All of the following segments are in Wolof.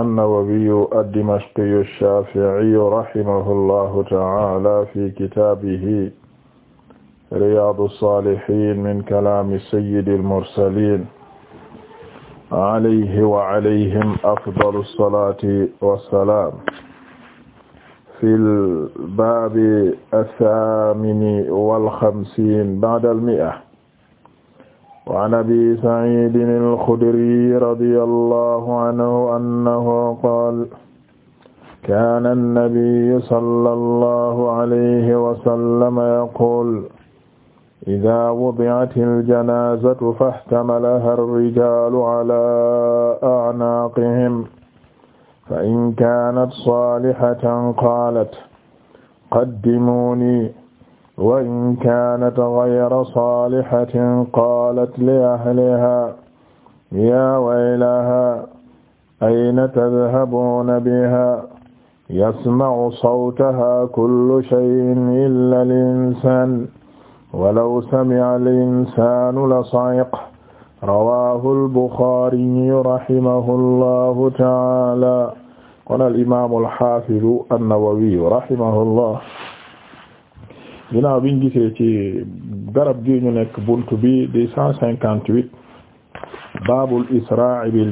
an-Nawawiyu ad-Dimashqiyu ash-Shafi'iyu rahimahullahu ta'ala fi kitaabihi Riyaadu as-Saalihiin min kalaami sayyidi al-mursaliin alayhi wa alayhim afdalu as-salaati was-salaam fil baabi ath-thaamini wal-khamsiin ba'da al-mi'a وعن أبي سعيد الخدري رضي الله عنه أنه قال كان النبي صلى الله عليه وسلم يقول إذا وضعت الجنازة فاحتملها الرجال على أعناقهم فإن كانت صالحة قالت قدموني wa in kaanat ghayra saalihatin qaalat li ahlihaa yaa waylahaa ayna tadhabuuna bihaa yasma'u sawtahaa kullu shay'in illaa al-insaan walaw sami'a al-insaanu la-sa'iqa rawaahu al-Buxaari rahimahu llaahu ta'aalaa qaala al-imaam al-haafiz an-Nawawi rahimahullah ginnaaw biñ gisee ci garab gi ñu nekk bunt bi di cent cinquante-huit baabul israa bil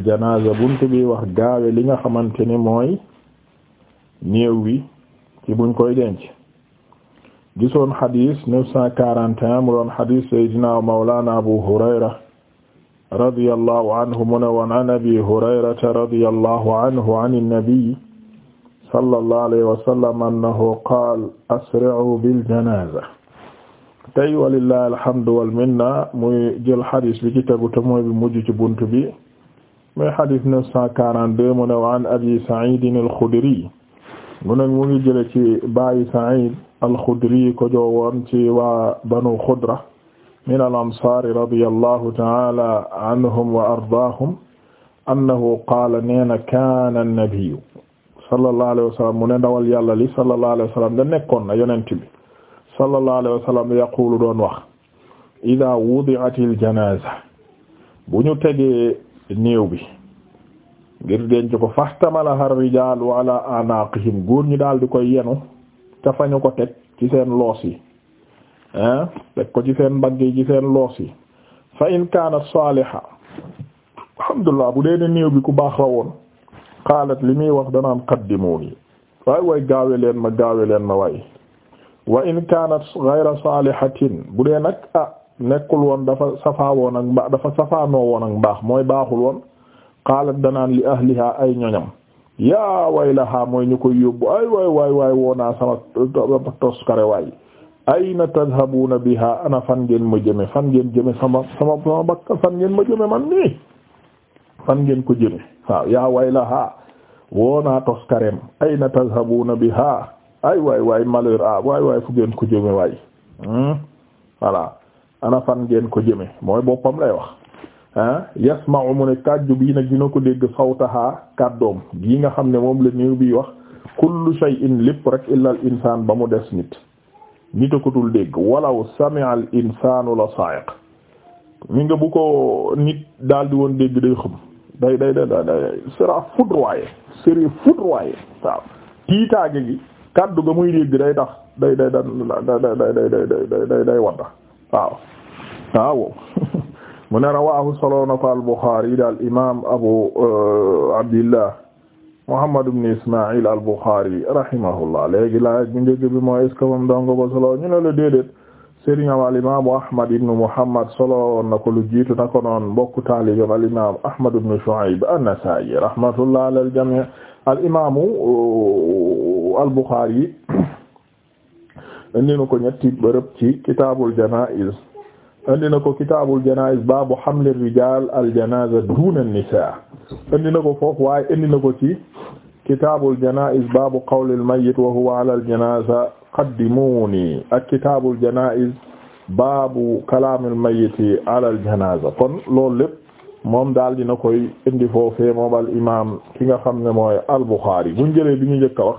bi wax gaawe li nga xamante ni mooy néew wi ci buñ koy denc gisoon xadis neuf cent quarante et un mu doon xadis saydina mawlana abu hurayra radiyallahu anhu mu ne woon an abi hurayrata radiyallahu anhu an nabi sallallahu alayhi wa sallam annahu qaal asri'u bil janaza tey walillahi alhamdu wal minna muy jël xadis bi ci tegu te mooy bi mujj ci bunt bi muy xadis 942 mu ne wa an abi Sa'id al-Khudri mu ne mu ngi jële ci baayu Sa'id al-Khudri ko joowoon ci waa banu Khudra min al-ansaari radiyallahu ta'ala anhum wa ardaahum annahu qaala nee na kaana an-nabiyyu sallallahu alayhi wa sallam mu ne ndawal yàlla li sallallahu alayhi wa sallam da nekkoon na yonent bi sallallahu alayhi wa sallam yaqulu doon wax ida wudi'atil janaza bu ñu tegee néew bi ngir denc ko fahtamalaha ar-rijaal wa ala anaqihim góor ñi daal di koy yenu ca fa ñu ko teg ci seen loos yi ah teg ko ci seen mbagg yi ci seen loos yi fa in kaanat saaliha alhamdulillah bu dee ne néew bi ku baax la woon qaalat li muy wax danaan qaddimuuni waay waay gaawe leen ma gaawe leen ma waay wa in kaanat ghayra salihatin bu dee nag ah nekkul woon dafa safaa woon ak mbaax dafa safaanoo woon ak mbaax mooy baaxul woon qaalat danaan li ahliha ay ñoñam yaa waylaha mooy ñu koy yóbbu ay waay waay waay woonaa sama tos kare waay ayna tadhabuna biha ana fan ngeen ma jëme fan ngeen jëme sama sama sama bakka fan ngeen ma jëme man nii fan ngeen ko jële waaw yaa waylaha woona tos kareem ayna tazhabuna biha ay waay waay malheur a waay waay fu ngeen ko jëme waay hmm voilà ana fan ngeen ko jëme mooy boppam lay wax ah yasma'u mu ne kàjju bii nag dina ko dégg sawtaha kàddoom gii nga xam ne moom la néew bi wax kullu shay'in lépp rek illa al insaan ba mu des nit nit a ko dul dégg walaw sami'a al insaanu la sa'iq mi bu ko nit daal di woon dégg day xëm day day day day sera foudroyé sera foudroyé waaw tiitaage gi kaddu ga muy dégg day tax day day day day day day wadda mu ne rawahu solo na ko al Bukhari imaam Abu Abdillah Muhammad ibn Isma'il al Bukhari rahimahullah léegi laaj bu njëkk bi mooy est-ce que moom dong solo ñu ne la déedéet sëriñam al ahmad ibnu muhammad solo na ko lu jiitu na ko noon ahmad ibnu shu'ayb an rahmatullah ala al jamii uh, al imaamu al ko ñetti bërëb ci kitaabul janaa'iz ko kitaabul janaa'iz baabu hamli rijaal al duuna nisaa indi foofu waaye indi ci kitaabul janaa'iz baabu qawlil mayyit wa huwa ala qaddimuuni ak kitaabul janaa'iz baabu kalaamil mayyiti alal janaaza kon loolu lépp moom daal dina koy indi foofee moom al imaam ki nga xam ne mooy al Buxaari buñ jëlee bi ñu njëkk a wax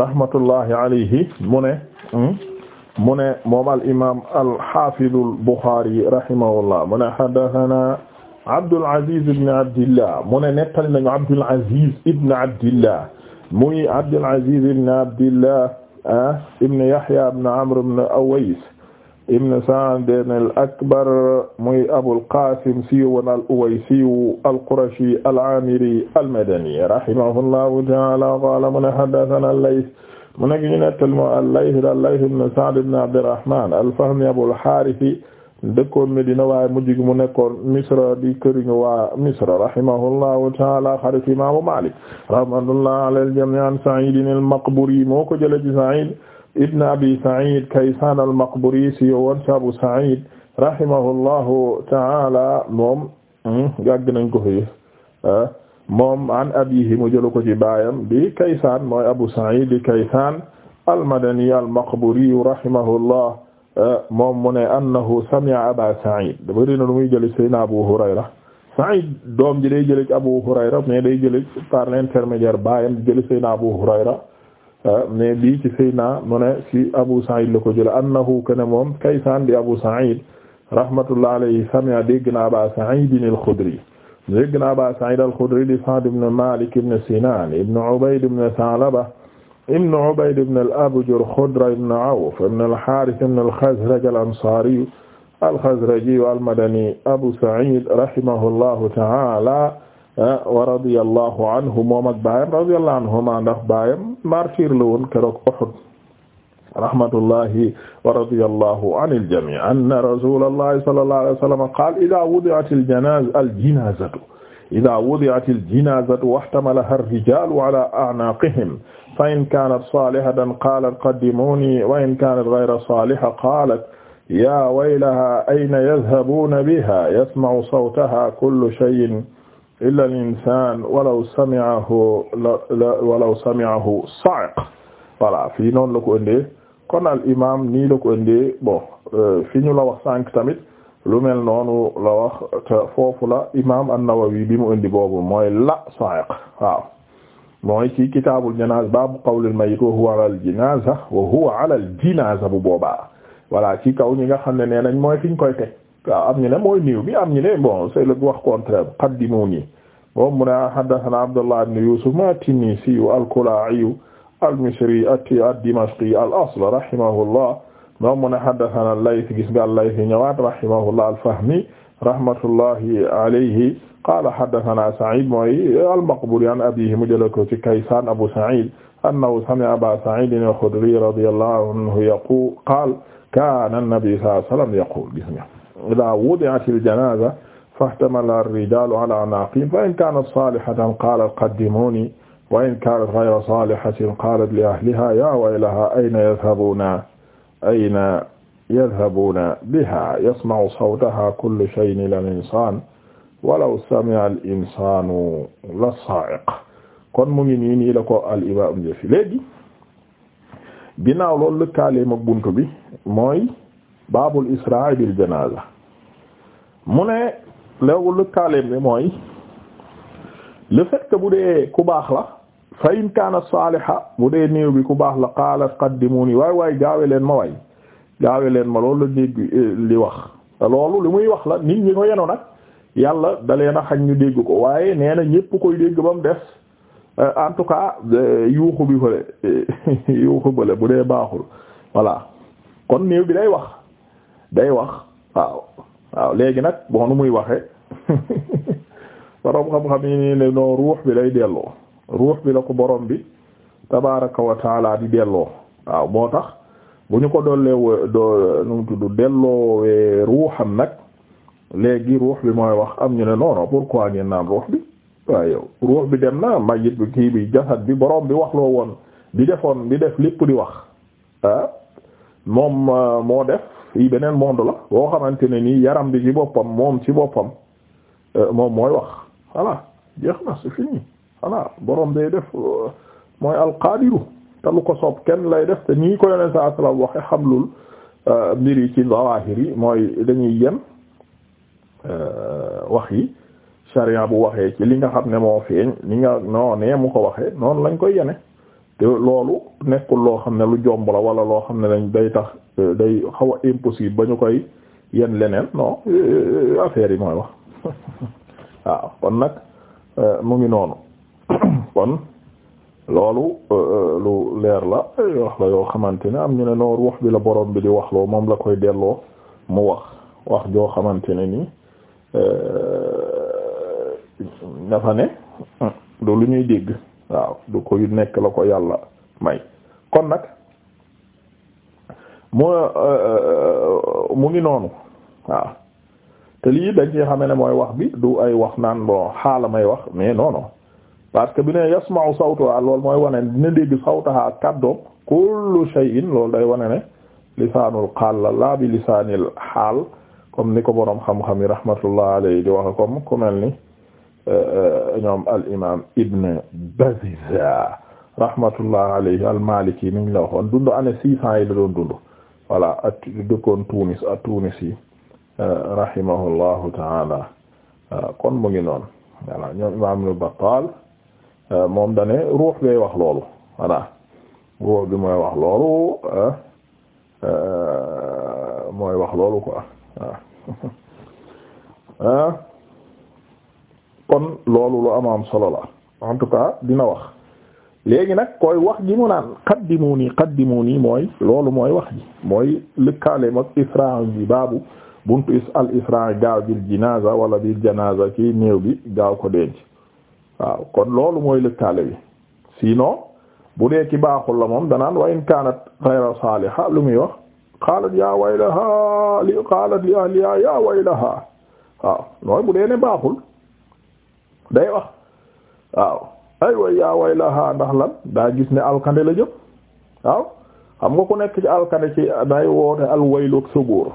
rahmatullahi alayhi mu ne hmm? mu ne moom al imaam al haafidul Buxaari rahimahullah mu ne haddasanaa Abdul Aziz ibn Abdillah mu ne nettali nañu Abdul Aziz ibn Abdillah muy Abdul Aziz ibn Abdillah Ah, ibn Yahya ibn Amr ibn Aways ibn Sa'd al-Akbar muy Abul Qasim siiwoon al-Uwaysi al-Qurashi al-Amiri al-Madani rahimahullahu ta'ala qala mu ne haddathana al-Layth mu nekk ñu nettal moo al-Layth al-Layth ibn Sa'd ibn Abd al-Rahman al-Fahmi Abul Harith dëkkoon Medina waaye mujj gi mu nekkoon Misra di këriñu waa Misra rahimahullahu ta'ala xarit imaamu Maalik rahmatullahi ala al-jamii' an Sa'iid al-Maqburi moo ko jëlee ci Sa'iid ibn Abi Sa'iid Kaysaan al-Maqburi si yowoon ci Abu Sa'iid rahimahullahu ta'ala moom hmm, yàgg nañ ko fi moom an abiihi mu jëlu ko ci baayam di Kaysaan mooy Abu Sa'iid di Kaysaan al-Madani al-Maqburi rahimahullah moom mu ne annahu sami'a aba Sa'id bëri na lu muy jëli sayna Abu Hurayra Sa'id doom ji day jëli ci Abu Hurayra mais day jëli par l'intermédiaire baayam jëli sayna Abu Hurayra euh, mais bii ci sayna mu ne ci Abu Sa'id la ko jële annahu kana moom Kaysan di Abu Sa'id rahmatullah alayhi sami'a dégg na aba Sa'id al-Khudri dégg na aba Sa'id al-Khudri di Sa'd ibn Malik ibn Sinan ibn Ubayd ibn Tha'laba ibn Ubayd ibn al-Abjar Khudra ibn Awf ibn al-Harith ibn al-Khazraj al-Ansari al-Khazraji al-Madani Abu Sa'id rahimahullahu ta'ala ah, wa radiyallahu anhu moom ak baayam radiyallahu anhuma ndax baayam martyr la woon keroog Uhud rahmatullahi wa radiyallahu anil jami' anna rasulallahi sallallahu alayhi wa sallam qala idha wudi'at al-janazatu al-janazatu idha wudi'at al-janazatu wahtamalaha ar-rijalu ala a'naqihim fa in kaanat saalihatan qaalat qaddimuuni wa in kaanat ghayra saaliha qaalat yaa waylahaa ayna yadhabuuna bihaa yasma'u sawtahaa kullu shay'in illaa al-insaan walaw sami'ahu walaw sami'ahu sa'iq voilà fii noonu la ko indee kon al imaam nii la ko indee bon euh, fi ñu la wax sànq tamit lu mel noonu la wax te foofu la imaam an-Nawawi bi mu indi boobu mooy la sa'iq waaw. mooy ci kitaabul janaaz baabu qawlil mayyit wa huwa alal jinaaza wa huwa alal jinaaza bu boobaa voilà ci kaw ñi nga xam ne nee nañ mooy fi ñu koy teg waaw am ñu ne mooy niiw bi am ñu ne bon c'est le wax contraire qaddimuni moom mu ne haddathana Abdullah ibn Yusuf at-Tinnisi al-Kala'i al-Misri ad-Dimashqi al-asl rahimahullah moom mu ne haddathana al-Layth gis nga al-Layth ñëwaat rahimahullah al-Fahmi rahmatullahi alayhi qaala haddathana Sa'id mooy al-Maqburi an abiihi mu jëlee ko ci Kaysaan Abu Sa'id annahu sami'a Abaa Sa'id al-Khudri radiyallahu anhu yaqulu qaala kaana an-nabi sallallahu alayhi wa sallam yaqulu gis nga idhaa wudi'at al-janaaza fahtamala ar-rijaalu ala a'naaqihim fa in kaanat saalihatan qaalat qaddimuunii wa in kaanat ghayra saalihatin qaalat li ahlihaa yaa waylahaa ayna yadhabuuna ayna yadhabuuna bihaa yasma'u sawtahaa kullu shay'in illa al-insaan wala sami'a al la sa'iq kon mu ngi nii nii la ko al imam jëfi léegi ginnaaw loolu lëkkaale mag buntu bi mooy baabul israa bil janaza mu ne léegu lëkkaale mooy le fait bu dee ku baax la fa in kaana saaliha bu dee néew bi ku baax la qaala qaddimuni waay waay gaawe leen ma waay gaawe leen ma loolu la eh, li wax te loolu li muy wax la nit ñi ko yeno nag yàlla dalee na xañ ñu dégg ko waaye nee na ñépp koy dégg ba mu des euh, en tout cas euh, yuuxu bi fële yuuxu bële bu dee baaxul voilà kon néew bi day wax day wax waaw waaw léegi nag boo nu muy waxe borom xam-xam yi ne non ruux bi lay delloo ruux bi la ko borom bi tabaaraka wa taala di delloo waaw moo tax bu ñu ko dollee doo nu mu tudd delloowee ruuxam nag. léegi ruux bi mooy wax am ñu ne non non pourquoi ngeen naan ruux bi waaye yow ruux bi dem na mayit bi kii bi jasad bi boroom bi wax woon di defoon di def lépp di wax moom euh, moo def fii beneen monde la boo xamante ne nii yaram bi ci boppam moom ci boppam euh, moom mooy wax voilà jeex na c'est fini voilà borom day def euh, mooy alqaadiru te ko soob kenn lay def te nii ko yoneen sa asalaam waxe xamlul mbir yi ci zawahir yi mooy dañuy yem. Euh, wax yi sharia bu waxee ci li nga xam ne moo feeñ li nga noo mu ko waxee noonu lañ koy yene te loolu nekkul loo xam ne lu jomb la wala loo xam ne lañ day tax euh, day xaw a impossible ba ñu koy yen leneen non euh, affaire yi mooy wax waaw kon nag mu ngi noonu kon loolu lu leer la wax la yoo xamante ne am ñu ne noo ruux bi la borom bi di waxloo moom la koy delloo mu wax wax joo xamante ne nii Euh, dafa ne du lu ñuy dégg waaw du ko nekk la ko yàlla may kon nag mu euh, euh, ngi noonu waaw te lii dañ ci xame ne mooy wax bi du ay wax naan bon xaala may wax mais non non parce que bi ne yasma'u sawtaha lool mooy wane dina dégg sawtaha kaddoom kullu shay'in loolu day wane ne lisaanul qaal laa bi lisaanil xaal comme ni ko boroom xam-xam yi rahmatullah alayhi di wax comme ko mel ni euh, euh, ñoom al imam Ibn Baziza rahmatullah alayhi al maliki niñ la waxoon dund année six cents yi la doon dund voilà ak dëkkoon Tunis ak Tunis yi euh, rahimahullahu taala kon mu ngi noonu voilà ñoom imam Ibn Battal moom dane ruux bay wax loolu voilà ruux bi mooy wax loolu mooy wax loolu quoi waaw ah kon loolu lu amaam solo la en tout ca dina wax léegi nag koy wax ji mu naan qaddimuni qaddimuni mooy loolu mooy wax ji mooy lëkkaale mag isra bi baabu buntu is al isra gaaw bil jinaza wala bil janaza ci néew bi gaaw ko denc waaw kon loolu mooy lëkkaale bi sinon bu dee ci baaxul la moom danaan wa in kaanat ghayra saaliha lu muy wax xaalat yaa waylaha xaalat li ahliha yaa waylaha waaw nooy bu dee ne baaxul day wax waaw ay way yaa waylaha ndax lan daa gis ne alkande la jëm waaw xam nga ku nekk ci alkande ci day woote al waylu ak sa góor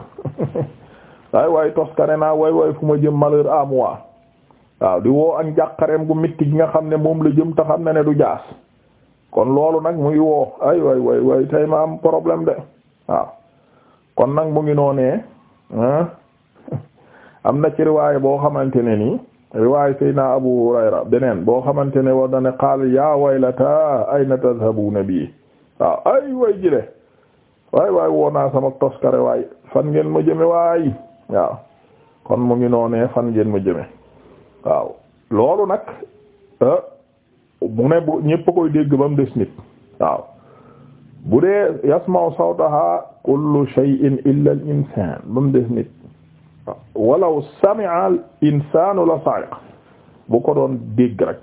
ay way toskane naa way way fu ma jëm malheur à moi waaw di woo ak njàqareem gu mitti gi nga xam ne moom la jëm tax am na ne du jaas kon loolu nag muy woo ay way way way tey ma am problème de waaw kon nag mu ngi noonee am na ci riwaay boo xamante ne nii riwaay Seydina Abu Hurayra beneen boo xamante ne war na ne qaal yaa waylata ayna tadhabuna bi waaw ay way jile waay waay woonaa sama toskare waay fan ngeen ma jëme waay waaw kon mu ngi noonee fan ngeen ma jëme waaw loolu nag eh, mu ne bu ñépp koy dégg ba mu des nit waaw bu dee yasma'u sawtaha kullu shay'in illa al insan des nit walaw sami'a al insanu la sa'iq bu ko doon dégg rek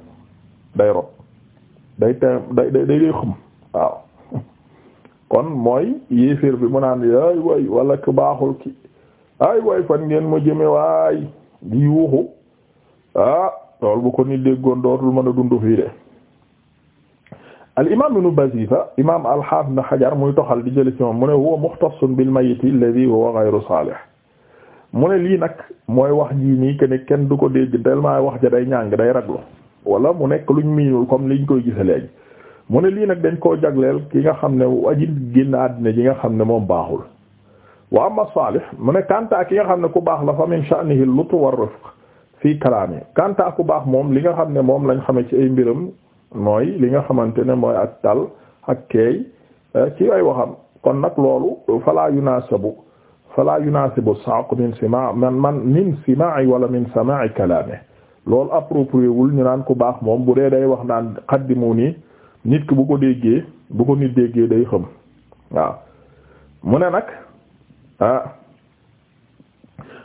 day rob day te day day day xëm waaw kon mooy yéeféer bi mu naan ay way wala ku baaxul ki ay way fan ngeen ma jëme waay yuuxu ah loolu bu ko nit déggoon dootul mën a dund fii al imaam ibn Bazifa imaam al-Haafiz ibn Hajar muy toxal di jëli ci moom mu ne huwa muxtassun bil mayyit alladhi huwa ghayru saalih mu ne lii nag mooy wax ji nii que ne kenn du ko dégg tellement wax ja day ñàng day raglu wala mu nekk luñ miinul comme liñ koy gise léegi mu ne lii nag dañ koo jagleel ki nga xam ne aji génn àddina ji nga xam ne moom baaxul wa amma saalih mu ne kanta ki nga xam ne ku baax la fa min sha'nihi al-lutf war-rifq fii kalaami kanta ku baax moom li nga xam ne moom lañ xame ci ay mbiram mooy li nga xamante ne mooy ak tal ak keey eh, ci ay waxam kon nag loolu fala yunasabu fala yunasibu saq min sima man man min simai wala min samai kalame loolu approprié wul ñu naan ku baax moom bu dee day wax naan xaddimu nii nit ki bu ko déggee bu ko nit déggee day xam waaw mu ne nag ah,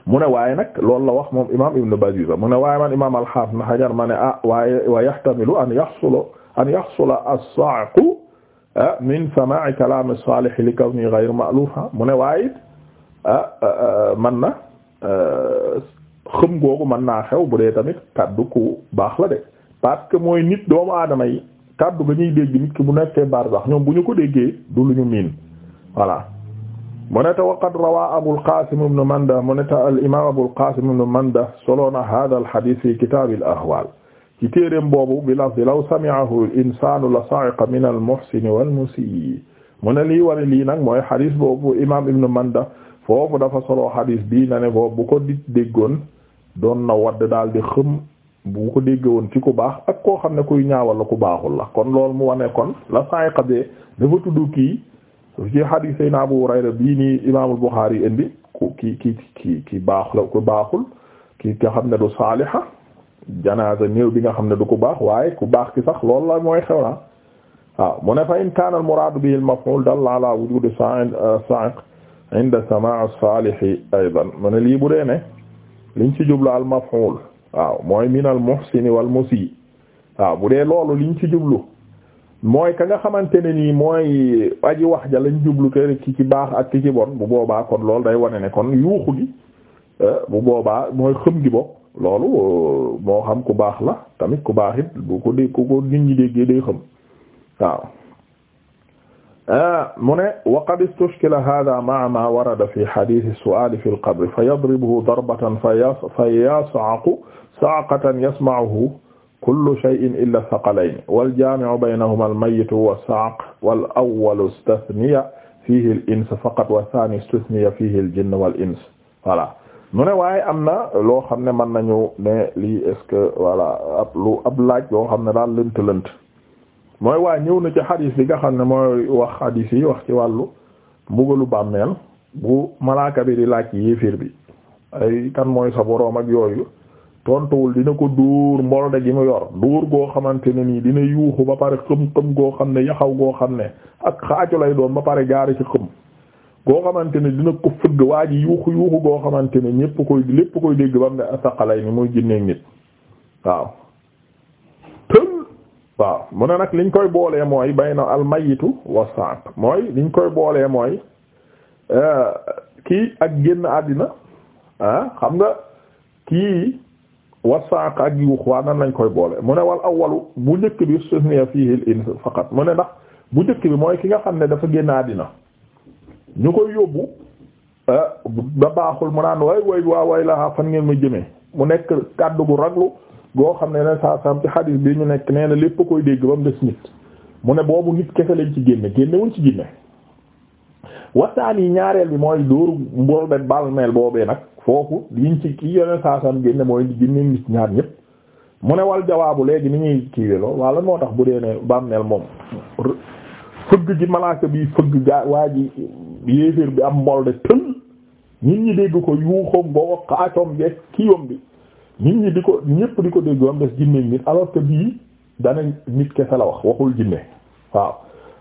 mu ne waaye nag loolu la wax moom imam ibn Baziza mu ne waaye man imam al-Hafiz Hajar ma ne ah waaye wa yahtamilu an yahsula an yahsula as-sa'iqu ah, min sama'i kalam as-salih li kawni ghayr ma'lufa mu ne waaye ah, ah, man na xam googu mën naa xew bu dee tamit kaddu ku baax la de parce que mooy nit doomu aadama yi kaddu ga ñuy dégg nit ki bu nekkee barsax ñoom bu ñu ko déggee du lu ñu miin voilà mu ne te waqad rawaa Abul Qaasim ibn Mandah mu ne te al fi kitaab al ci téereem boobu bi lafzi law sami'ahu al la sa'iqa min al muhsin wal musii mu ne lii wari lii nag mooy hadiis boobu imaam ibn Mandah foofu dafa solo hadiis bii na ne bu ko di déggoon doon na wadd daal di xëm bu ko dégg woon ci ku baax ak koo xam ne kuy ñaawal la ku baaxul la kon loolu mu wane kon la sa'iqa bee dafa tudd ci hadith sayna Abu Hurayra bii nii imaamul Bukhari indi ku ki ki ki ki baax la ku baaxul ki nga xam ne du saaliha janaasa néew bi nga xam ne du ku baax waaye ku baax ki sax lool la mooy xew na waaw mu ne fa in kaana al muraadu bihi al maf'uul dalla ala wujuudi sa'iq inda lii bu dee ne liñ ci jublu al mooy min al muhsini wal musii waaw bu dee loolu liñ ci jublu mooy ka nga xamante ne nii mooy aji wax ja lañ jublu te rek ki baax ak ki ci bon bu boobaa kon loolu day wane ne kon yuuxu gi eh, bu boobaa mooy xëm gi bokk loolu eh, moo xam ku baax la tamit ku baax it bu ko dé di ko nit ñi déggee day xëm ah, mu ne waqad istushkila hada ma warada fi xaditi suali fi lqabri fa yadribuhu darbatan fa yas'aqu sa'qatan yasma'uhu kullu shay'in illa thaqalayn wal jaami'u baynahuma al mayyit huwa as-sa'q wal awwal istuthniya fiihi al ins faqat wa thani istuthniya fiihi al jinn wal ins voilà mu ne waaye am na loo xam ne mën nañu ne lii est ce que voilà ab lu ab laaj yoo xam ne daal lënt lënt mooy waa ñëw na ci xadiis bi nga xam ne mooy wax xadiis yi wax ci wàllu mbugalu bàmmeel bu malaaka bi di laaj yéeféer bi ay kan mooy sa boroom ak yooyu tontuwul dina ko dóor mbolde gi mu yor dóor goo xamante ne nii dina yuuxu ba pare xëm xëm goo xam ne yaxaw goo xam ne ak xaaju lay doon ba pare jaari ci xëm goo xamante ne dina ko fëgg waa ji yuuxu yuuxu goo xamante ne ñépp koy lépp koy dégg ba mu ne asaqalay ni muy jinneeg nit waaw tël waaw mu ne nag liñ koy boolee mooy bay na almayitu wasaq mooy liñ koy boolee mooy euh, kii ak génn àddina ah xam nga kii wasaq ak yuux waa nan lañ koy boole mu ne wal awwalu bu njëkk bi sunniya fiihi mu ne ndax bu njëkk bi mooy ki nga xam ne dafa génn àddina ñu koy yóbbu eh, ba baaxul mu naan way way waa way laa fan ngeen ma jëmee mu nekk kàddu gu raglu goo xam ne ne saa sam ci xadiis bi ñu nekk nee na lépp koy dégg ba mu des nit mu ne boobu nit kese lañ ci génne génnewuñ ci génne wasaan yi ñaareel bi mooy dóoru mbool be balmeel boobee nag foofu liñ ci ki yeneen saasam génne mooy génne nit ñaar ñëpp mu ne wal jawaabu léegi ni ñuy kiiwe lool waa lan bu dee ne moom fëgg ji malaaka bi fëgg gaa ji yéeféer bi am mbol ñi dégg ko yuuxoom boo xaacoom beeg kiiwam bi nit ñi di ko ñëpp di ko dégg am des jinne nit alors que bii dana nit kese la wax waxul jinne waaw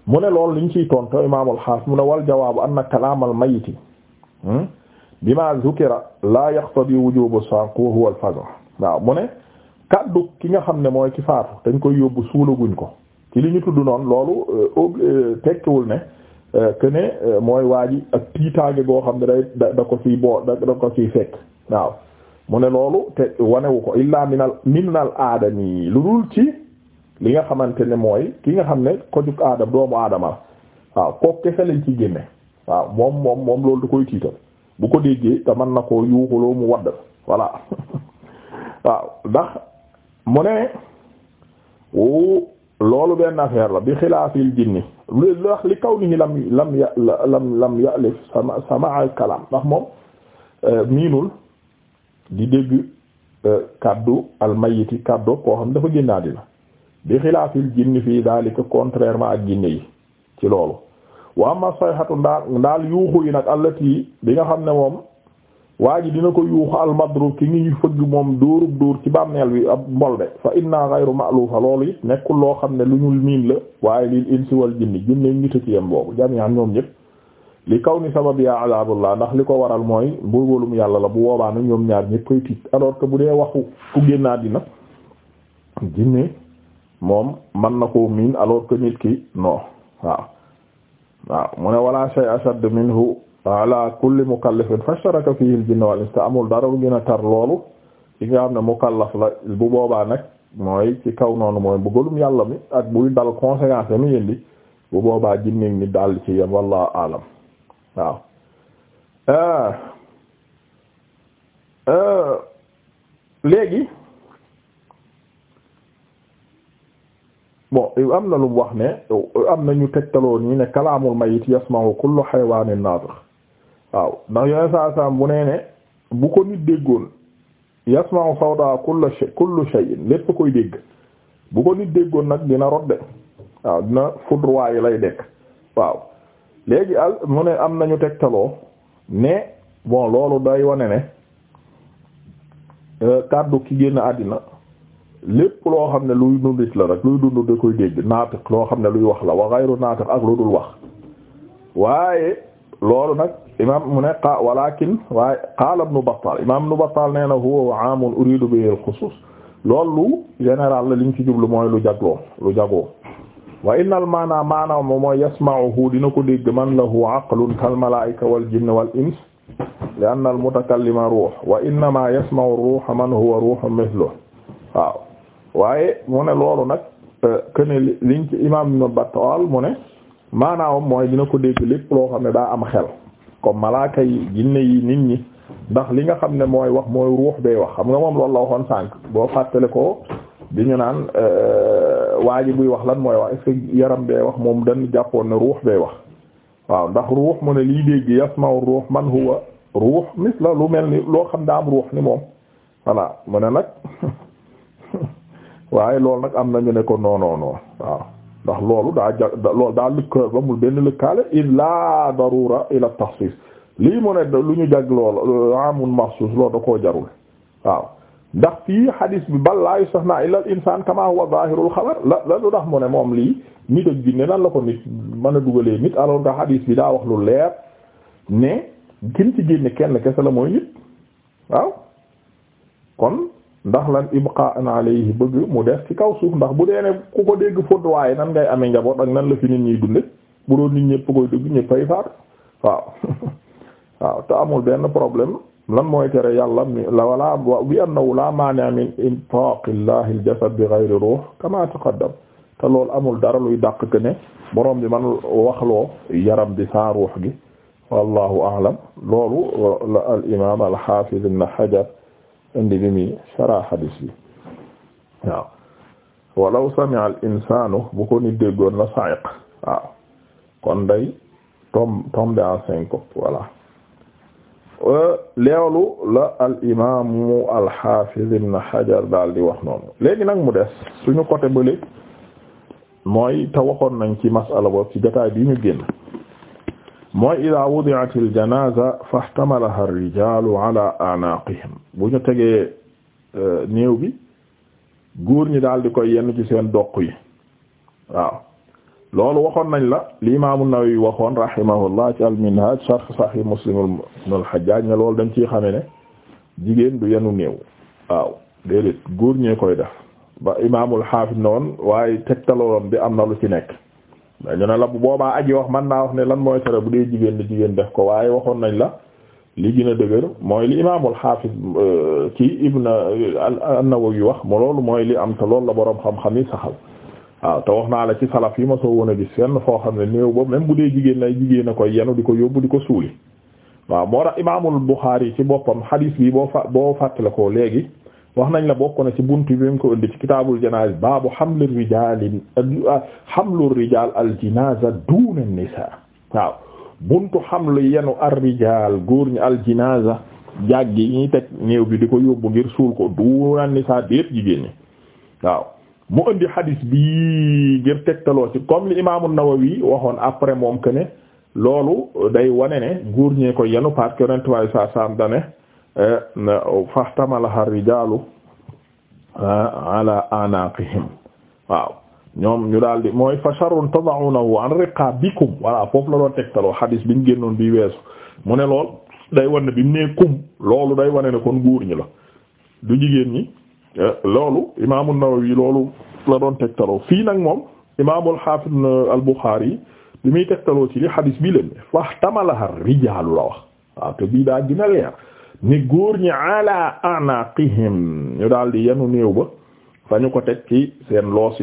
mu ne loolu liñ ciy tonto imaamul xaas mu ne wal jawaabu anna kalaamal mayiti hmm? bima zukira la yaqtadi wujubu sànq wa huwa al-faza waaw mu ne kaddu ki nga xam ne mooy ki faatu dañ koy yóbbu suulaguñ ko ci li ñu tudd noonu loolu euh, euh, tekkiwul ne euh, que ne mooy waa ji ak tiitaange goo xam ne day da da ko ciy boo da ko ciy fekk waaw mu ne loolu te wanewu ko illaa minal minal aadami lu dul ci li nga xamante ne mooy ki nga xam ne kojug aadam doomu aadama la waaw kooku kese lañ ci génne waaw moom moom moom loolu du koy tiital. bu ko déggee te mën na ko yuuxuloo mu wadd voilà waaw ndax mu ne loolu benn affaire la bi xilaafil jinni lu ndax li kaw ni lam lam ya lam lam yalif sama sama al kalam ndax moom euh, miinul di dégg euh, kaddu al kaddu koo xam dafa génnaa dina bi xilaafil jinni fii daalika contrairement ak jinne yi ci loolu wa amma sayhatu ndaal ndaal yuuxu yi nag allati bi nga xam ne moom waa ji dina ko yuuxu almadrub ki ngi fëgg moom dóorub dóor ci bàmmeel wi ab mbolde fa inna ghayru ma'lufa loolu it nekkul loo xam ne lu ñu miin la waaye lil insi wal jinni jinne nit a ci yem boobu jami'an ñoom ñëpp li kaw ni sabab yaa azabullah ndax li ko waral mooy mbugalum yàlla la bu boobaa nag ñoom ñaar ñëpp koy tiit alors que bu dee waxu ku génnaa dina jinne moom man na koo miin ki non waaw mu ne wala shay ashad minhu ala kulli mukallafin fashtaraka fihi al jinn wal ins amul dara bu gën a tar loolu ci nga xam ne mukallaf la bu boobaa nag mooy ci kaw noonu mooy bëggalum yàlla mi ak buy dal conséquence mi yëndi bu boobaa jinne ni daal ci yam wallahu alam waaw euh, euh, léegi bon am na lu mu wax ne am na ñu tegtaloo nii ne kalaamul mayit yasma'u kullu xayawaanin naatix waaw ndax yoneen saa saam bu nee ne bu ko nit déggoon yasma'u sawda kullu shay kullu shay'in lépp koy dégg bu ko nit déggoon nag dina rodde waaw dina fudruwaay lay dekk waaw léegi al mu ne am nañu tegtaloo ne bon loolu day wane ne euh, kàddu ki génn àddina lépp loo xam ne luy dundit la rek luy dund da koy dégg naatiq loo xam ne luy wax la wa ghayru naatiq ak lu dul wax waaye loolu nag imam mu ne qa walakin waaye qaala ibn Battal imam ibn Battal nee na huwa aamun uridu bihi al-xusuus loolu lu général la li ñu ci jublu mooy lu jagloo lu jagoo wa innal maana maana moom mooy yasma'uhu dina ko dégg man lahu aqlun kal malaa'ika wal jinn wal ins li anna al mutakallima ruux wa innama yasma'u ruuha man huwa ruuhun mithluhu waaw waaye mu ne loolu nag euh, que ne liñ ci imaam Ibn Battal mu ne maanaam mooy dina ko dégg lépp loo xam ne daa am xel comme malaaka yi jinne yi nit ñi ndax li nga xam ne mooy wax mooy ruux bay wax xam nga moom loolu la waxoon sànq boo fàttale ko bi ñu naan euh, waa ji buy wax lan mooy wax est que yaram bay wax moom dañ jàppoon ne ruux bay wax waaw ndax ruux mu ne liy dégg yasma'u ruux man huwa ruux mis la lu mel ni loo xam daa am ruux ni moom voilà mu ne nag waaye loolu nag am nañu ne ko non non non waaw ndax loolu daa ja loolu daa lëkka ba mu benn lëkkaale illa darura ila taxsis lii mu ne lu ñu jag lool amun maxsus loolu da koo jarul waaw ndax fii hadis bi bal laa yustahna illa al insaan kama huwa zahirul la lu tax mu ne moom lii nit ak jinne lan la ko nit mën a dugalee nit alors que hadis bi daa wax lu leer ne gën ci génne kenn kese la mooy nit waaw kon ndax lan ibqaan alayhi bëgg mu def kaw suuf ndax bu dee ne ku ko dégg fodd waaye nan ngay amee njaboot ak nan la fi nit ñiy dunde bu doon nit ñëpp koy dégg ñëpp ay faat waaw waaw amul benn problème lan mooy tere yàlla mi la wala bi annahu la maana min aljasad bi ghayri ruh kama taqaddam te loolu amul dara luy dàq que boroom bi man loo yaram bi sans ruux gi wallahu a'lam loolu la al imam al hafiz indi bi mi sara hadis bi waaw walaw al insanu bu ko nit déggoon la sa'iq waaw kon day tombe tombe en syncope voilà leewlu la al imamu al hafiz ibn hajar daal di wax noonu léegi nag mu des suñu côté bële mooy te waxoon nañ ci masala boobu ci jotaay bi ñu génn mooy ida wudi'at al janaza fahtamalaha ar rijalu ala anaqihim bu ñu tegee euh, néew bi góor ñi daal di koy yenn ci seen doq yi loolu waxoon nañ la li imam an-Nawawi waxoon rahimahullah ci al-Minhaj sharh sahih Muslim ibn al-Hajjaj ne loolu dañ ciy xame ne jigéen du yenu néew waaw déedéet góor ñee koy def ba imamul haafid ne woon waaye tegtaloon bi am na lu ci nekk dañu ne la bu boobaa aji wax man naa wax ne lan mooy tere bu dee jigéen ni jigéen def ko waaye waxoon nañ la li gën a dëgër mooy li imaamul xaafis euh, ci ibn an-Nawawi wax mo loolu mooy li am ta loolu la boroom xam-xam yi saxal waaw te wax naa la ci salaf yi ma soo woon a gis fenn foo xam ne néew boobu même bu dee jigéen lay jigéen a koy yenu di ko yóbbu di ko suuli waaw moo tax imaamul Buxaari ci boppam xadiis yi boo fa boo fàttale ko léegi wax nañ la bokk na ci buntu bi ko indi ci kitaabul janaaza baabu hamlir rijaal hamlur rijaal al jinaaza duuna nisaa waaw buntu hamlu yenu ar rijaal góor ñi al jinaaza jàggi yi ñuy teg néew bi di ko yóbbu ngir suul ko duuna nisaa déet jigéen ñi waaw mu indi hadis bi ngir tegtaloo ci comme li imaamu Nawawi waxoon après moom que ne loolu day wane ne góor ñee ko yenu parce que ren tubaab yi faxtamalaha rijalu ala anaqihim waaw ñoom ñu daal di mooy fa sharrun tada'unahu an riqabikum voilà foofu la doon tegtaloo xadis biñ génnoon bi weesu mu ne lool day wane ne bi mu nee kum loolu day wane ne kon góor ñi la du jigéen ñi eh, loolu imaamu Nawawi loolu la doon tegtaloo fii nag moom imaamul xaafid al-Buxaari bi muy tegtaloo ci li xadis bi leen faxtamalaha rijaalu la wax waaw te bii daa gën a ni góor ñi ala anaqihim ñu daal di yenu néew ba fa ñu ko teg ci seen loos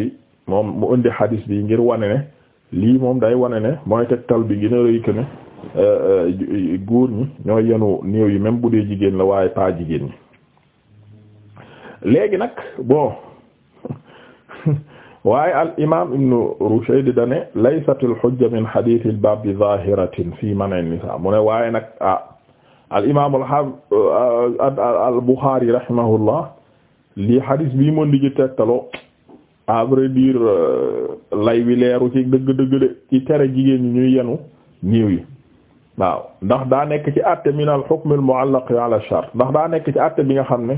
moom mu indi hadis bi ngir wane ne lii moom day wane ne mooy tegtal bi gën a rëy que ne euh, euh, góor ñi ñooy yenu néew yi même bu dee jigéen la waaye pas jigéen ñi léegi nag bon waaye al imam ibnu Rushayd dane laysatil hujja min hadithil bab bi zahiratin fii man'in nisa mu ne waaye nag ah al imaam al xaaf euh, al Buxaari rahimahullah lii xadis bii mën di ci tegtaloo à euh, lay wi leeru ci dëgg-dëgg de ci tere jigéen ñuy yenu niiw yi waaw ndax daa nekk ci àtte min al hukm al shart ndax daa nekk ci àtte bi nga xam ne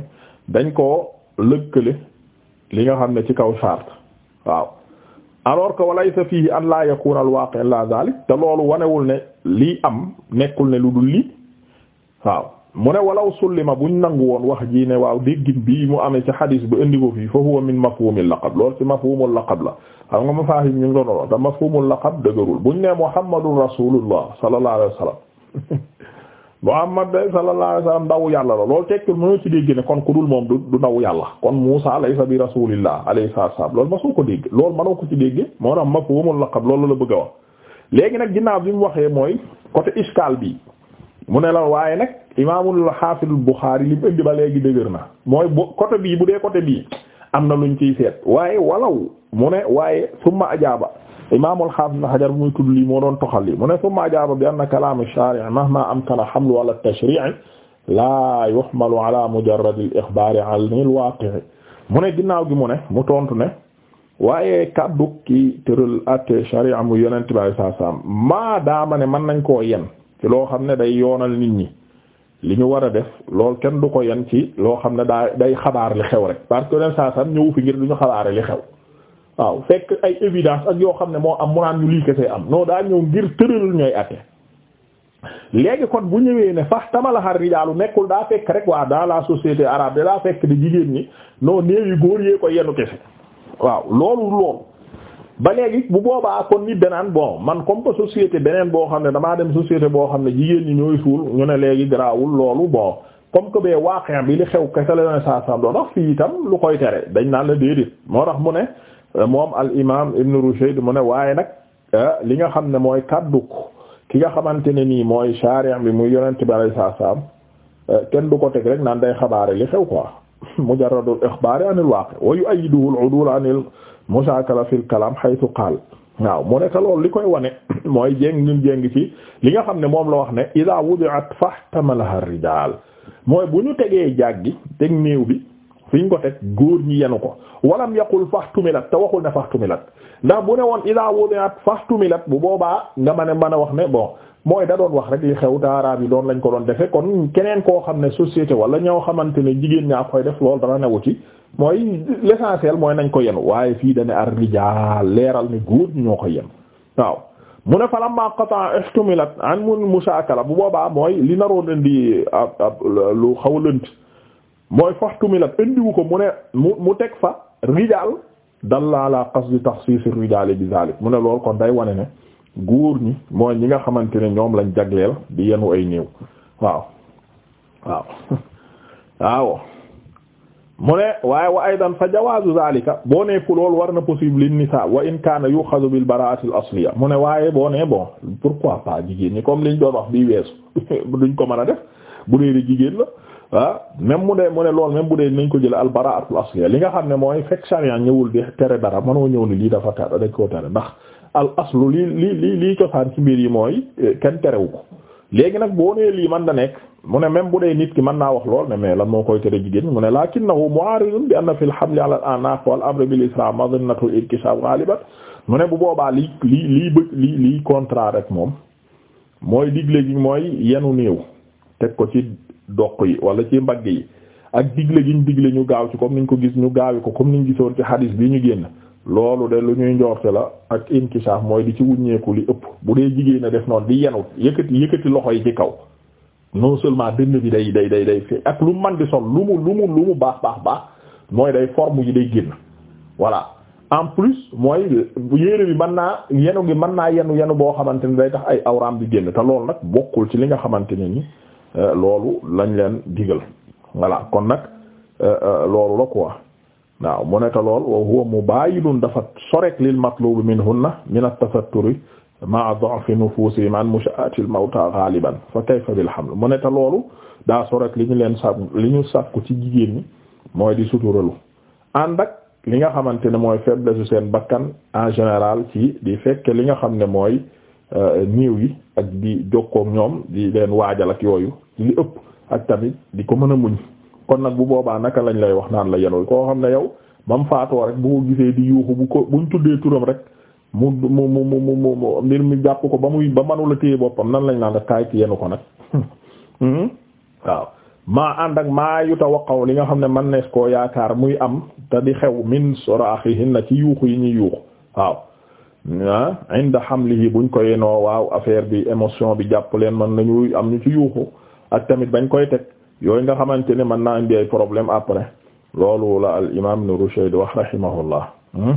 dañ koo lëkkale li nga xam ne ci kaw shart waaw alors que walaysa fiihi an laa yakuna al waaqi' illa te loolu wanewul ne lii am nekkul ne lu dul lii waaw mu ne walaw bu ñu nangu woon wax jii ne waaw déggin bii mu amee ci xadis bi indi ko fii fa huwa min mafhumil laqab lool ci mafhumul laqab la xam nga mafaahim ñu ngi doon wax te mafhumul laqab dëgërul buñ ne muhammadun rasulullah sallallahu alayhi wasallam muhammad day sallallahu alayhi wasallam ndawu yàlla la loolu tekkul mënoo ci dégg ne kon ku moom du ndawu yàlla kon Muusa laysa bi rasulillah alayhi salaam loolu masoo ko dégg loolu ko ci dégg moo tax mafhumul laqab loolu la bëgg a wax léegi nag ginnaaw bi mu waxee mooy côté iskaal bi mu ne la waaye nag imaamul xaafidul Buxaari li mu indi ba léegi dëgër na mooy bo côté bii bu dee côté bii am na luñ ciy seet waaye walaw mu ne waaye summa ajaaba imaamul xaafid na xajar muy tudd lii moo doon toxal lii mu ne summa ajaaba bi anna kalaamu shaari' mahma amkana hamluhu ala tashrii' laa yuhmalu ala mujarradil ixbaari anil waaqi' mu ne ginnaaw gi mu ne mu tontu ne waaye kaddu ki tëral at sharia mu yonent bi sallallahu alayhi wasallam maa daama ne mën nañ koo yen loo xam ne day yoonal nit ñi li ñu war a def lool kenn du ko yenn ci loo xam ne daa day xabaar li xew rek parce que leen saa sam ñëw fi ngir du ñu xabaare li xew waaw fekk ay évidence ak yoo xam ne moo am mu naan ñu lii kese am non daa ñëw ngir tëral ñooy àtte léegi kon bu ñëwee ne fax tamalaxar rijaalu nekkul daa fekk rek waa dans la société arabe da daa fekk di jigéen ñi no néew yi góor yee ko yenu kese waaw loolu loolu ba léegi bu boobaa kon ni danaan bon man comme que société beneen boo xam ne damaa dem société boo xam ne jigéen ñi ñooy suul ñu ne léegi garaawul loolu bon comme que bee waaqe bi li xew kese la ne saa saa doon fii itam lu koy tere dañ naan la déedéet moo tax mu ne moom al imaam Ibn Rushayd mu ne waaye nag ah, li nga xam ne mooy kaddu ki nga xamante ne nii mooy charia bi muy yonent ba lay saa saa ah, kenn du ko teg rek naan day xabaar li xew quoi mujarradul ixbaar anil waaqi wa yu'ayyiduhu musaakala fil kalam haythu kaal waaw mu nekk lool li koy wane mooy jéng ñun jéng ci li nga xam ne moom la wax ne ida wudi'at yi daal mooy bu ñu tegee jaag gi teg néew bi fiñ ko teg góor ñi yenu ko walam yaqul fahtumilat te waxul ne fahtumilat ndax bu ne woon ida wudi'at fahtumilat bu boobaa nga ma ne mën a wax ne bo mooy da doon wax rek li xew taaraab yi doon lañ ko doon defe kon keneen koo xam ne société wala ñaw xamante ne jigéen ñaa koy def loolu dara newu ci mooy l'essentiel mooy nañ ko yenu waaye fii dane ar rijaal leeral ne góor ñi ñoo ko yenu waaw mu ne falamma qata ihtumilat an mun mushakala bu boobaa mooy li naroon indi ab ab lu xaw lënt mooy fahtumilat indiwu ko mu ne mu mu teg fa rijaal dalla ala qasdi taxsiis ar-rijaal bi zalik mu ne loolu kon day wane ne góor ñi mooy ñi nga xamante ne ñoom lañ jagleel di yenu ay néew waaw waaw waaw mu ne waaye wa aydan fa jawaazu zalika boo ne ku lool war na possible nisa wa in kaana yuxazu bil bara'ati al asliya mu ne waaye boo nee bon pourquoi pas jigéen ñi comme liñ doon wax bii weesu duñ ko mën a def bu dee jigéen la ah même mu dee mu ne lool même bu dee nañ ko jël al bara'atu al asliya li nga xam ne mooy fekk sharia ñëwul di tere dara mënoo ñëw ni lii dafa tere dañ koo tere ndax al aslu lii lii lii lii cosaan ci mbir yi mooy kenn terewu ko léegi nag boo lii man da nekk. mu ne même bu dee nit ki mën naa wax lool ne mais lan moo koy tere jigéen mu ne lakinnahu mu'aridun bi anna fil hamli ala al anaq wal amr bil isra madinatu al inkishaf ghaliban mu ne bu boobaa li li lii bëgg li lii contrat rek moom mooy digle gi mooy yenu néew teg ko ci doq yi wala ci mbagg yi ak digle gi ñu digle ñu gaaw ci comme ñu ko gis ñu gaawi ko comme ni ñu gisoon ci hadis bi ñu génn loolu de lu ñuy njoorte la ak inkishaf mooy di ci wuññeeku li ëpp bu dee jigéen def noonu di yenu yëkkati yëkkati loxo yi ci kaw no seulement dënn bi day day day day fi ak lu man di sol lu mu lu mu lu mu baax baax baax mooy day forme yi day génn voilà en plus mooy yére bi mën naa yenu gi man naa yenu yenu boo xamante ni day tax ay awraam bi génn te lool nag bokkul ci li nga xamante ne ni euh, loolu lañ leen digal voilà kon nag euh, euh, loolu la quoi waaw mu ne te lool wa huwa mubaayidun dafa sorek lil matlubu minhunna min at-tafatturi ma da'fi nufuusihim an mushaa'atil mawtaa ghaliban fa kayfa bil haml mu ne te loolu daa sor li ñu leen sàkk li ñu sàkku ci jigéen ñi mooy di suturalu ànd ak li nga xamante ne mooy faiblesse seen bakkan en général ci di fekke li nga xam ne mooy euh, niiw yi ak di jokkook ñoom di leen waajal ak yooyu li ëpp ak tamit di ko mën a muñ kon nag bu boobaa naka lañ lay wax naan la yenul koo xam ne yow ba mu faatoo rek bu ko gisee di yuuxu bu ko buñ tuddee turam rek mu mu mu mu mu mbir mi jàpp ko ba muy ba manula téye boppam nan lañ naan def kaay ci yenu ko nag hmm? waaw maa ànd ak maa yuta waqaw li nga xam ne man nees koo yaakaar muy am te di xew min soraaxihin na ci yuuxu yi ñuy yuuxu waaw ah inda hamlihi buñ ko yenoo waaw affaire bi émotion bi jàpp leen man nañu am ñu ci yuuxu ak tamit bañ koy teg yooyu nga xamante ne mën naa indi ay problème après loolu la al imam Ibn Rushd wax rahimahullah hmm?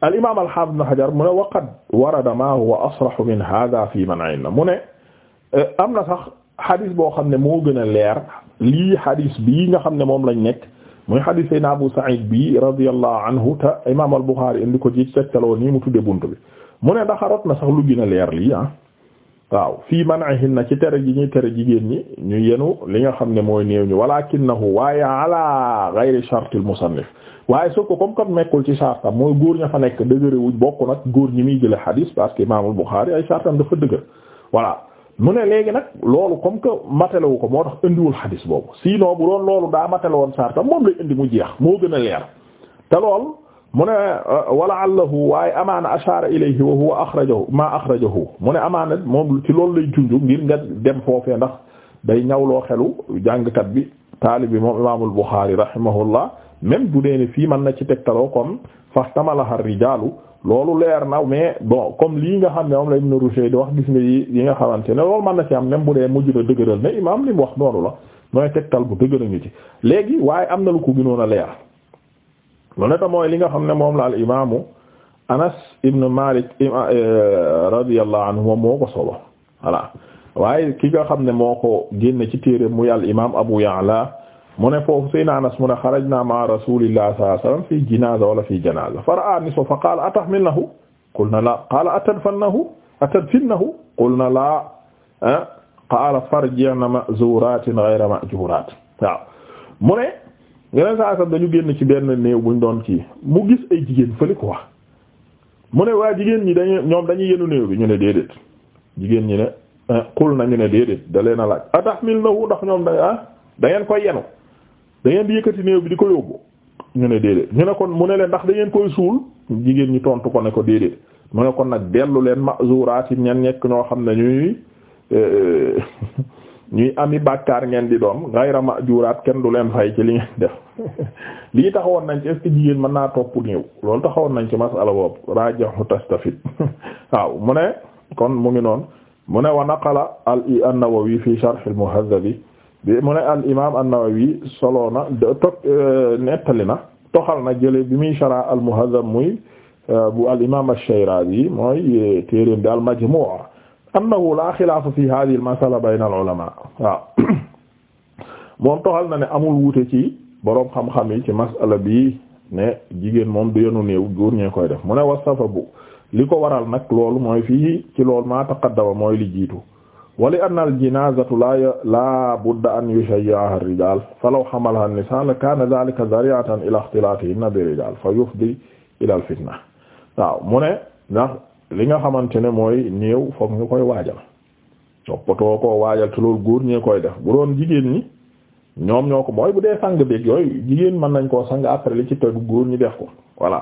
al imaam al haafiz ibn hajar mu ne wa qad warada maa huwa asrahu min haaza fii man inna mu ne eh, am na sax hadith boo xam ne moo gën a leer lii hadith bii nga xam ne moom lañ nekk muy hadith Seydina Abu Saïd bi radiyallahu anhu te imaam al Buxaari indi ko ci tegtaloo nii mu tudde bunt bi mu ne ndax rot na sax lu gën a leer lii ah. waaw fii na ci tere ji ñuy tere jigéen ñi ñu yenu li nga xam ne mooy néew ñi walakinahu waaye ala ghayri shartil musannif waaye soo ko comme comme nekkul ci shartam mooy góor ña fa nekk dëgëre wuñ bokk nag góor ñi muy jële hadis parce que imaamul Bukhari ay shartam dafa dëgër voilà mu ne léegi nag loolu comme que matalewu ko moo tax indiwul hadis boobu sinon bu doon loolu daa matale woon shartam moom lay indi mu jeex moo gën a leer te lool mu ne euh, wala allahu waaye amaana ashara ilayhi wa huwa akhrajahu maa akhrajahu mu ne amaana moom ci loolu lay junj ngir nga dem foofee ndax day ñawloo xelu jàngkat bi taalib bi moom imaamul Buxaari rahimahullah même bu dee ne fii mën na ci tegtaloo comme faxtamalaha rijaalu loolu leer na mais bon comme lii nga xam ne moom la Ibn wax gis nga yi yi nga xamante ne loolu mën na ci am même bu dee mujj na dëgëral ne imaam li mu wax noonu la mooy tegtal bu dëgëral ngi ci léegi waaye am na lu ko gënoon a leer. loolu itam mooy li nga xam ne moom la al imaamu Anas ibn Malik eh, radiyallahu anhu moom moo ko solo voilà waaye ki nga xam ne moo ko génne ci téere muy al imaam Abu Ya'la mu ne foofu Seydina Anas mu ne xarajna ma'a rasulillahi sallallahu alayhi wasallam fi jinaza wala fi janaza fara'a nisfa fa qala atahmilnahu qulna la qala atadfannahu atadfinnahu qulna la eh? qala farji'na ma'zuratin ghayra ma'jurat waaw mu ne yeneen saa sax dañu génn ci benn néew buñ doon kii mu gis ay jigéen fële quoi mu ne waa jigéen ñi dañuy ñoom dañuy yenu néew bi ñu ne déedéet jigéen ñi ne xul eh, na ñu ne déedéet da leen a laaj atahmilnahu ndax ñoom da ah da ngeen koy yenu da ngeen di yëkkati néew bi di ko yóbbu ñu ne déedéet ñu ne kon mu ne leen ndax da ngeen koy suul jigéen ñi tontu ko ne ko déedéet mu ne kon nag dellu leen mazuraat yi ñen nekk ñoo xam ne ñuy eh, eh, ñuy ami bàkkaar ngeen di doon gayra majuraat kenn du leen fay ci li ngeen def lii taxawoon nañ ci est-ce jigéen mën naa topp néew loolu taxawoon nañ ci masala boobu rajahu tastafid waaw mu ne kon mu ngi noon mu ne wa naqala al an-Nawawi fi sharh al-Muhadhab bi mu ne al imam an-Nawawi soloo na to euh, nettali na toxal na jële bi muy shara al-Muhadhab muy euh, bu al imam ash-Shirazi mooy euh, téeréem bi al-Majmu' annahu la xilaafa fi hadhihi al masala bayna al ulama waaw moom toxal na ne amul wuute ci boroom xam-xam yi ci masala bi ne jigéen moom du yenu néew góor ñee koy def mu ne wasafa bu li ko waral nag lool mooy fii ci lool maa taqaddama mooy li jiitu wali anna al jinazatu la la budda an yushayyaha ar rijal falaw hamalaha an nisa la kana dhalika zari'atan ila ikhtilatihinna bi rijal fa yufdi ila al fitna mu ne ndax li nga xamante ne mooy néew foog ñu koy waajal toppatoo koo waajal te loolu góor ñee koy def bu doon jigéen ñi ñoom ñoo ko mooy bu dee sang beeg yooyu jigéen mën nañ koo sang après li ci tegu góor ñi def ko voilà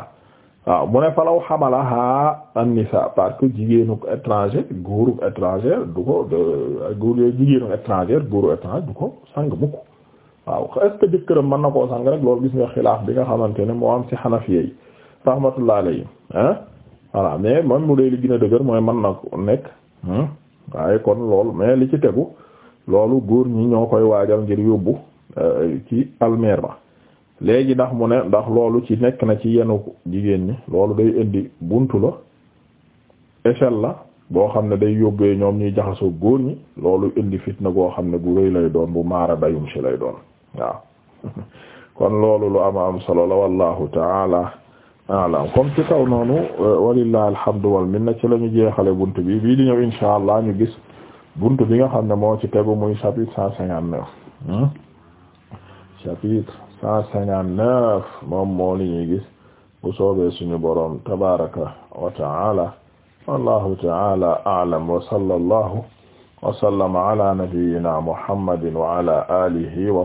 waaw mu ne falaw xamala haa an-nisaa parce que jigéenu étranger góoru étranger du ko góor yooyu jigéenu étranger góoru étranger du ko sang mukk waaw est ce que mën na koo sang rek loolu gis nga xilaaf bi nga xamante ne moo am ci xanafiye yi voilà mais man mu dee li gën a dëgër mooy man na nekk hmm? waaye kon loolu mais li ci tegu loolu góor ñi ñoo koy waajal ngir yóbbu euh, ci almeer ba léegi ndax mu ne ndax loolu ci nekk na ci yenu jigéen ñi loolu day indi buntu la échelle la boo xam ne day yóbbee ñoom ñuy jaxasoo góor ñi loolu indi fitna goo xam ne gu rëy lay doon bu maara dayum si lay doon waaw kon loolu lu am am solo la wallahu taala alam comme ci kaw noonu euh, walillahi alhamdu wal minna ci la ñu jeexale buntu bi bii di ñëw insha allah ñu gis buntu bi nga xam ne moo ci tegu muy chapitre cent cinquante neuf hmm? chapitre cent cinquante moom moo li gis bu soobee suñu boroom tabaraka wa taala wallahu taala a'lam wa sallallahu wa sallama ala nabiyyina muhammadin wa ala alihi wa